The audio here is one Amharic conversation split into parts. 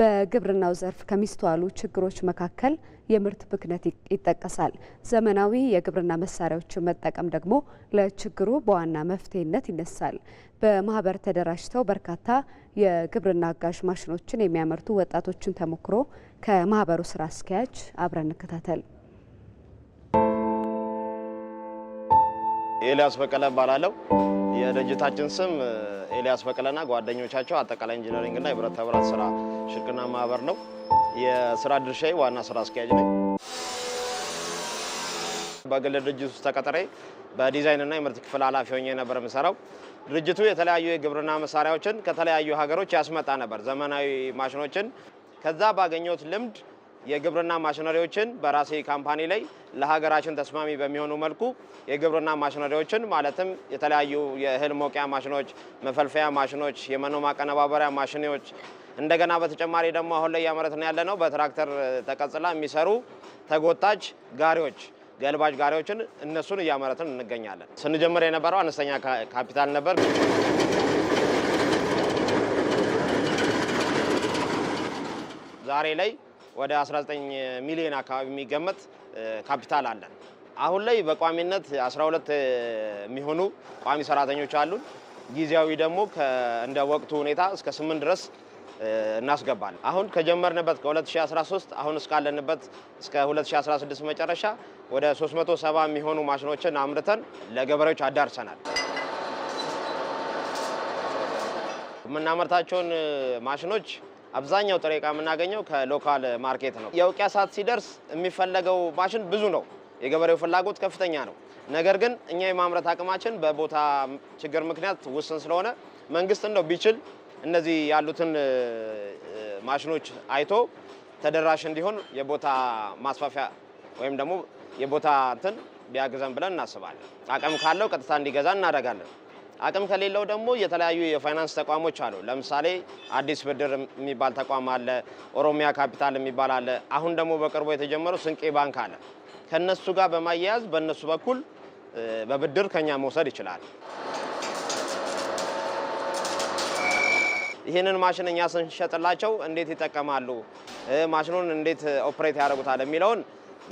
በግብርናው ዘርፍ ከሚስተዋሉ ችግሮች መካከል የምርት ብክነት ይጠቀሳል። ዘመናዊ የግብርና መሳሪያዎችን መጠቀም ደግሞ ለችግሩ በዋና መፍትሄነት ይነሳል። በማህበር ተደራጅተው በርካታ የግብርና አጋዥ ማሽኖችን የሚያመርቱ ወጣቶችን ተሞክሮ ከማህበሩ ስራ አስኪያጅ አብረን እንከታተል። ኤልያስ በቀለ እባላለሁ። የድርጅታችን ስም ኤልያስ በቀለና ጓደኞቻቸው አጠቃላይ ኢንጂነሪንግና የብረታ ብረት ስራ ሽርክና ማህበር ነው። የስራ ድርሻዬ ዋና ስራ አስኪያጅ ነኝ። በግል ድርጅት ውስጥ ተቀጥሬ በዲዛይንና የምርት ክፍል ኃላፊ ሆኜ ነበር የምሰራው። ድርጅቱ የተለያዩ የግብርና መሳሪያዎችን ከተለያዩ ሀገሮች ያስመጣ ነበር፣ ዘመናዊ ማሽኖችን። ከዛ ባገኘሁት ልምድ የግብርና ማሽነሪዎችን በራሴ ካምፓኒ ላይ ለሀገራችን ተስማሚ በሚሆኑ መልኩ የግብርና ማሽነሪዎችን ማለትም የተለያዩ የእህል መውቂያ ማሽኖች፣ መፈልፈያ ማሽኖች፣ የመኖ ማቀነባበሪያ ማሽኖች እንደገና በተጨማሪ ደግሞ አሁን ላይ እያመረትን ያለ ነው በትራክተር ተቀጽላ የሚሰሩ ተጎታች ጋሪዎች ገልባጭ ጋሪዎችን እነሱን እያመረትን እንገኛለን። ስንጀምር የነበረው አነስተኛ ካፒታል ነበር። ዛሬ ላይ ወደ 19 ሚሊዮን አካባቢ የሚገመት ካፒታል አለን። አሁን ላይ በቋሚነት 12 የሚሆኑ ቋሚ ሰራተኞች አሉን። ጊዜያዊ ደግሞ እንደ ወቅቱ ሁኔታ እስከ 8 ድረስ እናስገባለን። አሁን ከጀመርንበት ከ2013 አሁን እስካለንበት እስከ 2016 መጨረሻ ወደ 370 የሚሆኑ ማሽኖችን አምርተን ለገበሬዎች አዳርሰናል። የምናመርታቸውን ማሽኖች አብዛኛው ጥሬ ዕቃ የምናገኘው ከሎካል ማርኬት ነው። የውቂያ ሰዓት ሲደርስ የሚፈለገው ማሽን ብዙ ነው። የገበሬው ፍላጎት ከፍተኛ ነው። ነገር ግን እኛ የማምረት አቅማችን በቦታ ችግር ምክንያት ውስን ስለሆነ መንግስት እንደው ቢችል እነዚህ ያሉትን ማሽኖች አይቶ ተደራሽ እንዲሆን የቦታ ማስፋፊያ ወይም ደግሞ የቦታ እንትን ቢያግዘን ብለን እናስባለን። አቅም ካለው ቀጥታ እንዲገዛ እናደርጋለን። አቅም ከሌለው ደግሞ የተለያዩ የፋይናንስ ተቋሞች አሉ። ለምሳሌ አዲስ ብድር የሚባል ተቋም አለ፣ ኦሮሚያ ካፒታል የሚባል አለ። አሁን ደግሞ በቅርቡ የተጀመረው ስንቄ ባንክ አለ። ከነሱ ጋር በማያያዝ በእነሱ በኩል በብድር ከኛ መውሰድ ይችላል። ይህንን ማሽን እኛ ስንሸጥላቸው እንዴት ይጠቀማሉ፣ ማሽኑን እንዴት ኦፕሬት ያደርጉታል የሚለውን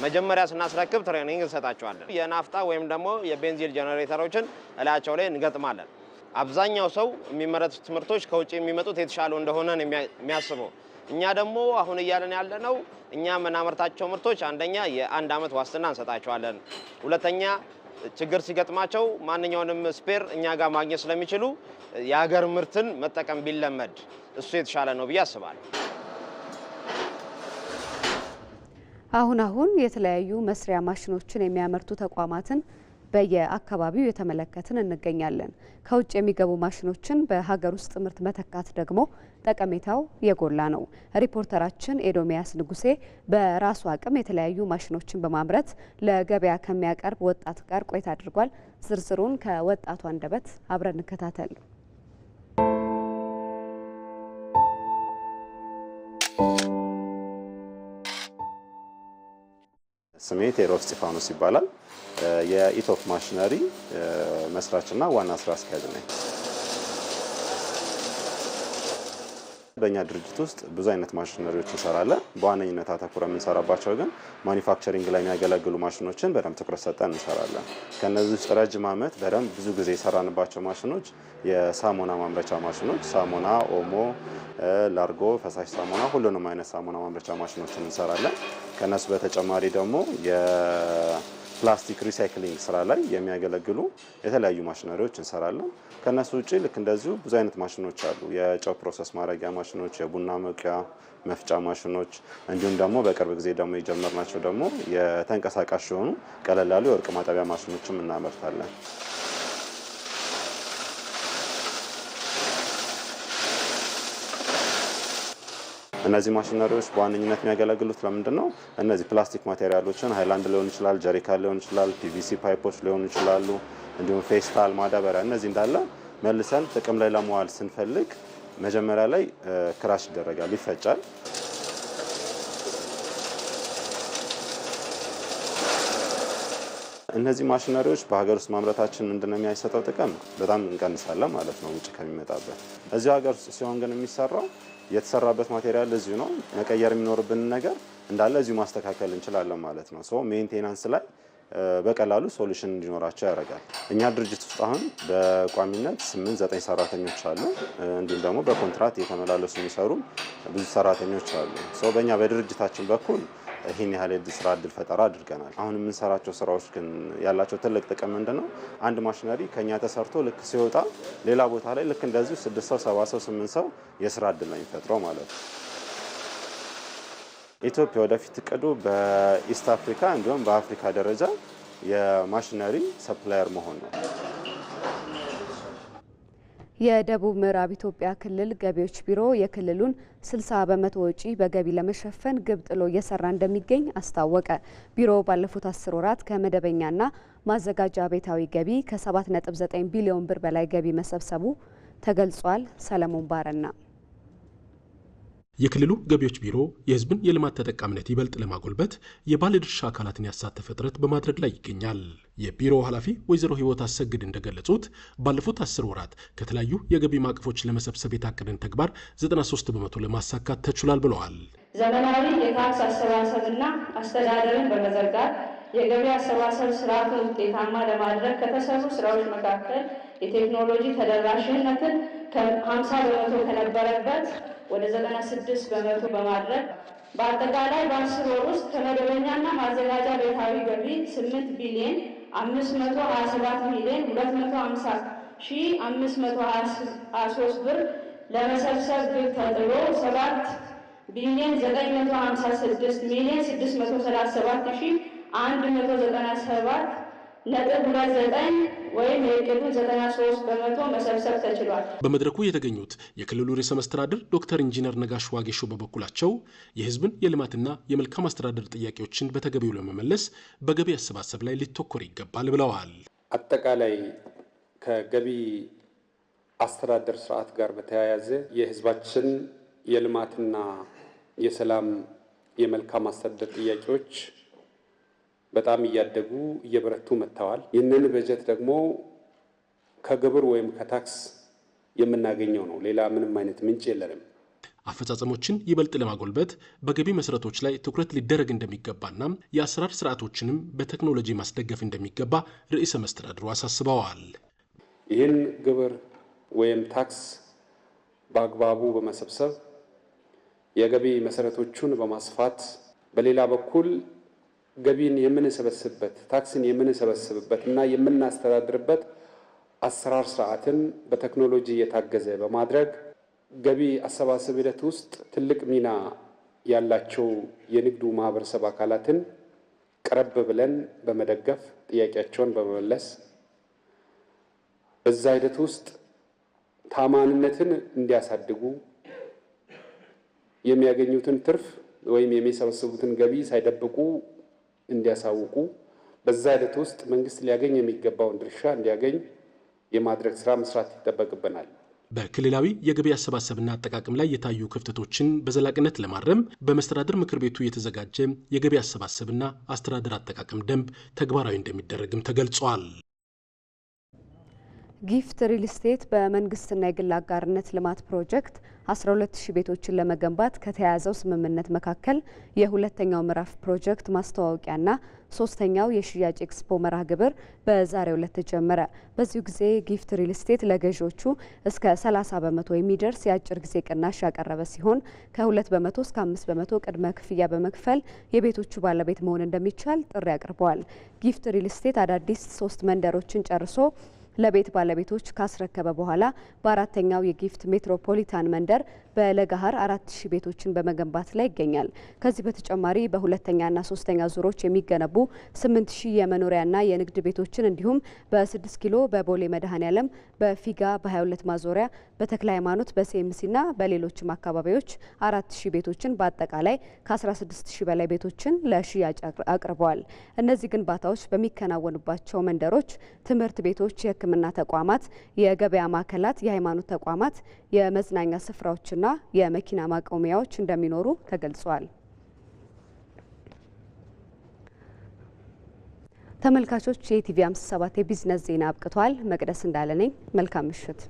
መጀመሪያ ስናስረክብ ትሬኒንግ እንሰጣቸዋለን። የናፍጣ ወይም ደግሞ የቤንዚል ጀኔሬተሮችን እላያቸው ላይ እንገጥማለን። አብዛኛው ሰው የሚመረቱት ምርቶች ከውጭ የሚመጡት የተሻሉ እንደሆነ ነው የሚያስበው። እኛ ደግሞ አሁን እያለን ያለነው እኛ የምናመርታቸው ምርቶች አንደኛ የአንድ ዓመት ዋስትና እንሰጣቸዋለን። ሁለተኛ ችግር ሲገጥማቸው ማንኛውንም ስፔር እኛ ጋር ማግኘት ስለሚችሉ የሀገር ምርትን መጠቀም ቢለመድ እሱ የተሻለ ነው ብዬ አስባለሁ። አሁን አሁን የተለያዩ መስሪያ ማሽኖችን የሚያመርቱ ተቋማትን በየአካባቢው የተመለከትን እንገኛለን። ከውጭ የሚገቡ ማሽኖችን በሀገር ውስጥ ምርት መተካት ደግሞ ጠቀሜታው የጎላ ነው። ሪፖርተራችን ኤዶሚያስ ንጉሴ በራሱ አቅም የተለያዩ ማሽኖችን በማምረት ለገበያ ከሚያቀርብ ወጣት ጋር ቆይታ አድርጓል። ዝርዝሩን ከወጣቱ አንደበት አብረን እንከታተል። ስሜ ቴሮፍ ስጢፋኖስ ይባላል። የኢቶፕ ማሽነሪ መስራችና ዋና ስራ አስኪያጅ ነኝ። በእኛ ድርጅት ውስጥ ብዙ አይነት ማሽነሪዎች እንሰራለን። በዋነኝነት አተኩረ የምንሰራባቸው ግን ማኒፋክቸሪንግ ላይ የሚያገለግሉ ማሽኖችን በደንብ ትኩረት ሰጠን እንሰራለን። ከነዚህ ውስጥ ረጅም ዓመት በደንብ ብዙ ጊዜ የሰራንባቸው ማሽኖች የሳሙና ማምረቻ ማሽኖች፣ ሳሙና፣ ኦሞ፣ ላርጎ፣ ፈሳሽ ሳሙና፣ ሁሉንም አይነት ሳሙና ማምረቻ ማሽኖችን እንሰራለን። ከነሱ በተጨማሪ ደግሞ ፕላስቲክ ሪሳይክሊንግ ስራ ላይ የሚያገለግሉ የተለያዩ ማሽነሪዎች እንሰራለን። ከነሱ ውጭ ልክ እንደዚሁ ብዙ አይነት ማሽኖች አሉ። የጨው ፕሮሰስ ማድረጊያ ማሽኖች፣ የቡና መቅያ መፍጫ ማሽኖች እንዲሁም ደግሞ በቅርብ ጊዜ ደግሞ የጀመርናቸው ደግሞ የተንቀሳቃሽ የሆኑ ቀለል ያሉ የወርቅ ማጠቢያ ማሽኖችም እናመርታለን። እነዚህ ማሽነሪዎች በዋነኝነት የሚያገለግሉት ለምንድን ነው? እነዚህ ፕላስቲክ ማቴሪያሎችን ሃይላንድ ሊሆን ይችላል፣ ጀሪካን ሊሆን ይችላል፣ ፒቪሲ ፓይፖች ሊሆኑ ይችላሉ፣ እንዲሁም ፌስታል፣ ማዳበሪያ፣ እነዚህ እንዳለ መልሰን ጥቅም ላይ ለመዋል ስንፈልግ መጀመሪያ ላይ ክራሽ ይደረጋል፣ ይፈጫል። እነዚህ ማሽነሪዎች በሀገር ውስጥ ማምረታችን ምንድነው የሚያሰጠው ጥቅም በጣም እንቀንሳለን ማለት ነው፣ ውጭ ከሚመጣበት። እዚሁ ሀገር ውስጥ ሲሆን ግን የሚሰራው የተሰራበት ማቴሪያል እዚሁ ነው። መቀየር የሚኖርብንን ነገር እንዳለ እዚሁ ማስተካከል እንችላለን ማለት ነው። ሶ ሜንቴናንስ ላይ በቀላሉ ሶሉሽን እንዲኖራቸው ያደርጋል። እኛ ድርጅት ውስጥ አሁን በቋሚነት ስምንት ዘጠኝ ሰራተኞች አሉ። እንዲሁም ደግሞ በኮንትራት የተመላለሱ የሚሰሩ ብዙ ሰራተኞች አሉ። ሰው በእኛ በድርጅታችን በኩል ይህን ያህል ስራ እድል ፈጠራ አድርገናል። አሁን የምንሰራቸው ስራዎች ግን ያላቸው ትልቅ ጥቅም ምንድን ነው? አንድ ማሽነሪ ከኛ ተሰርቶ ልክ ሲወጣ ሌላ ቦታ ላይ ልክ እንደዚሁ ስድስት ሰው፣ ሰባ ሰው፣ ስምንት ሰው የስራ እድል ነው የሚፈጥረው ማለት ነው። ኢትዮጵያ ወደፊት እቅዱ በኢስት አፍሪካ እንዲሁም በአፍሪካ ደረጃ የማሽነሪ ሰፕላየር መሆን ነው። የደቡብ ምዕራብ ኢትዮጵያ ክልል ገቢዎች ቢሮ የክልሉን 60 በመቶ ወጪ በገቢ ለመሸፈን ግብ ጥሎ እየሰራ እንደሚገኝ አስታወቀ። ቢሮው ባለፉት 10 ወራት ከመደበኛና ማዘጋጃ ቤታዊ ገቢ ከ7.9 ቢሊዮን ብር በላይ ገቢ መሰብሰቡ ተገልጿል። ሰለሞን ባረና የክልሉ ገቢዎች ቢሮ የህዝብን የልማት ተጠቃሚነት ይበልጥ ለማጎልበት የባለድርሻ አካላትን ያሳተፈ ጥረት በማድረግ ላይ ይገኛል። የቢሮው ኃላፊ ወይዘሮ ህይወት አሰግድ እንደገለጹት ባለፉት አስር ወራት ከተለያዩ የገቢ ማዕቀፎች ለመሰብሰብ የታቀደን ተግባር 93 በመቶ ለማሳካት ተችሏል ብለዋል። ዘመናዊ የታክስ አሰባሰብና አስተዳደርን በመዘርጋት የገቢ አሰባሰብ ስርዓቱን ውጤታማ ለማድረግ ከተሰሩ ስራዎች መካከል የቴክኖሎጂ ተደራሽነትን ከ50 በመቶ ከነበረበት ወደ 96 በመቶ በማድረግ በአጠቃላይ በአስር ወር ውስጥ ከመደበኛና ማዘጋጃ ቤታዊ ገቢ 8 ቢሊዮን 527 ሚሊዮን 250 ሺህ 523 ብር ለመሰብሰብ ግብ ተጥሎ 7 ቢሊዮን 956 ሚሊዮን 637 ሺህ 197 ነጥብ ዘጠኝ ወይም 93 በመቶ መሰብሰብ ተችሏል። በመድረኩ የተገኙት የክልሉ ርዕሰ መስተዳድር ዶክተር ኢንጂነር ነጋሽ ዋጌሾ በበኩላቸው የህዝብን የልማትና የመልካም አስተዳደር ጥያቄዎችን በተገቢው ለመመለስ በገቢ አሰባሰብ ላይ ሊተኮር ይገባል ብለዋል። አጠቃላይ ከገቢ አስተዳደር ስርዓት ጋር በተያያዘ የህዝባችን የልማትና የሰላም የመልካም አስተዳደር ጥያቄዎች በጣም እያደጉ እየበረቱ መጥተዋል። ይህንን በጀት ደግሞ ከግብር ወይም ከታክስ የምናገኘው ነው። ሌላ ምንም አይነት ምንጭ የለንም። አፈጻጸሞችን ይበልጥ ለማጎልበት በገቢ መሰረቶች ላይ ትኩረት ሊደረግ እንደሚገባና የአሰራር ስርዓቶችንም በቴክኖሎጂ ማስደገፍ እንደሚገባ ርዕሰ መስተዳድሩ አሳስበዋል። ይህን ግብር ወይም ታክስ በአግባቡ በመሰብሰብ የገቢ መሰረቶቹን በማስፋት በሌላ በኩል ገቢን የምንሰበስብበት ታክስን የምንሰበስብበት እና የምናስተዳድርበት አሰራር ስርዓትን በቴክኖሎጂ እየታገዘ በማድረግ ገቢ አሰባሰብ ሂደት ውስጥ ትልቅ ሚና ያላቸው የንግዱ ማህበረሰብ አካላትን ቀረብ ብለን በመደገፍ ጥያቄያቸውን በመመለስ በዛ ሂደት ውስጥ ታማንነትን እንዲያሳድጉ የሚያገኙትን ትርፍ ወይም የሚሰበስቡትን ገቢ ሳይደብቁ እንዲያሳውቁ በዛ ሂደት ውስጥ መንግስት ሊያገኝ የሚገባውን ድርሻ እንዲያገኝ የማድረግ ስራ መስራት ይጠበቅብናል። በክልላዊ የገቢ አሰባሰብና አጠቃቀም ላይ የታዩ ክፍተቶችን በዘላቂነት ለማረም በመስተዳድር ምክር ቤቱ የተዘጋጀ የገቢ አሰባሰብና አስተዳደር አጠቃቀም ደንብ ተግባራዊ እንደሚደረግም ተገልጿል። ጊፍት ሪል ስቴት በመንግስትና የግል አጋርነት ልማት ፕሮጀክት 12000 ቤቶችን ለመገንባት ከተያያዘው ስምምነት መካከል የሁለተኛው ምዕራፍ ፕሮጀክት ማስተዋወቂያና ሶስተኛው የሽያጭ ኤክስፖ መርሃ ግብር በዛሬው ዕለት ተጀመረ። በዚሁ ጊዜ ጊፍት ሪል ስቴት ለገዢዎቹ እስከ 30 በመቶ የሚደርስ የአጭር ጊዜ ቅናሽ ያቀረበ ሲሆን ከ2 በመቶ እስከ 5 በመቶ ቅድመ ክፍያ በመክፈል የቤቶቹ ባለቤት መሆን እንደሚቻል ጥሪ አቅርበዋል። ጊፍት ሪል ስቴት አዳዲስ ሶስት መንደሮችን ጨርሶ ለቤት ባለቤቶች ካስረከበ በኋላ በአራተኛው የጊፍት ሜትሮፖሊታን መንደር በለጋሃር አራት ሺህ ቤቶችን በመገንባት ላይ ይገኛል። ከዚህ በተጨማሪ በሁለተኛና ሶስተኛ ዙሮች የሚገነቡ ስምንት ሺህ የመኖሪያና የንግድ ቤቶችን እንዲሁም በስድስት ኪሎ በቦሌ መድኃኔዓለም በፊጋ በ22 ማዞሪያ በተክለ ሃይማኖት በሲኤምሲና በሌሎችም አካባቢዎች አራት ሺህ ቤቶችን በአጠቃላይ ከ16 ሺህ በላይ ቤቶችን ለሽያጭ አቅርበዋል። እነዚህ ግንባታዎች በሚከናወኑባቸው መንደሮች ትምህርት ቤቶች፣ የህክምና የሕክምና ተቋማት፣ የገበያ ማዕከላት፣ የሃይማኖት ተቋማት፣ የመዝናኛ ስፍራዎችና የመኪና ማቆሚያዎች እንደሚኖሩ ተገልጿል። ተመልካቾች የኢቲቪ 57 የቢዝነስ ዜና አብቅቷል። መቅደስ እንዳለ ነኝ። መልካም ምሽት።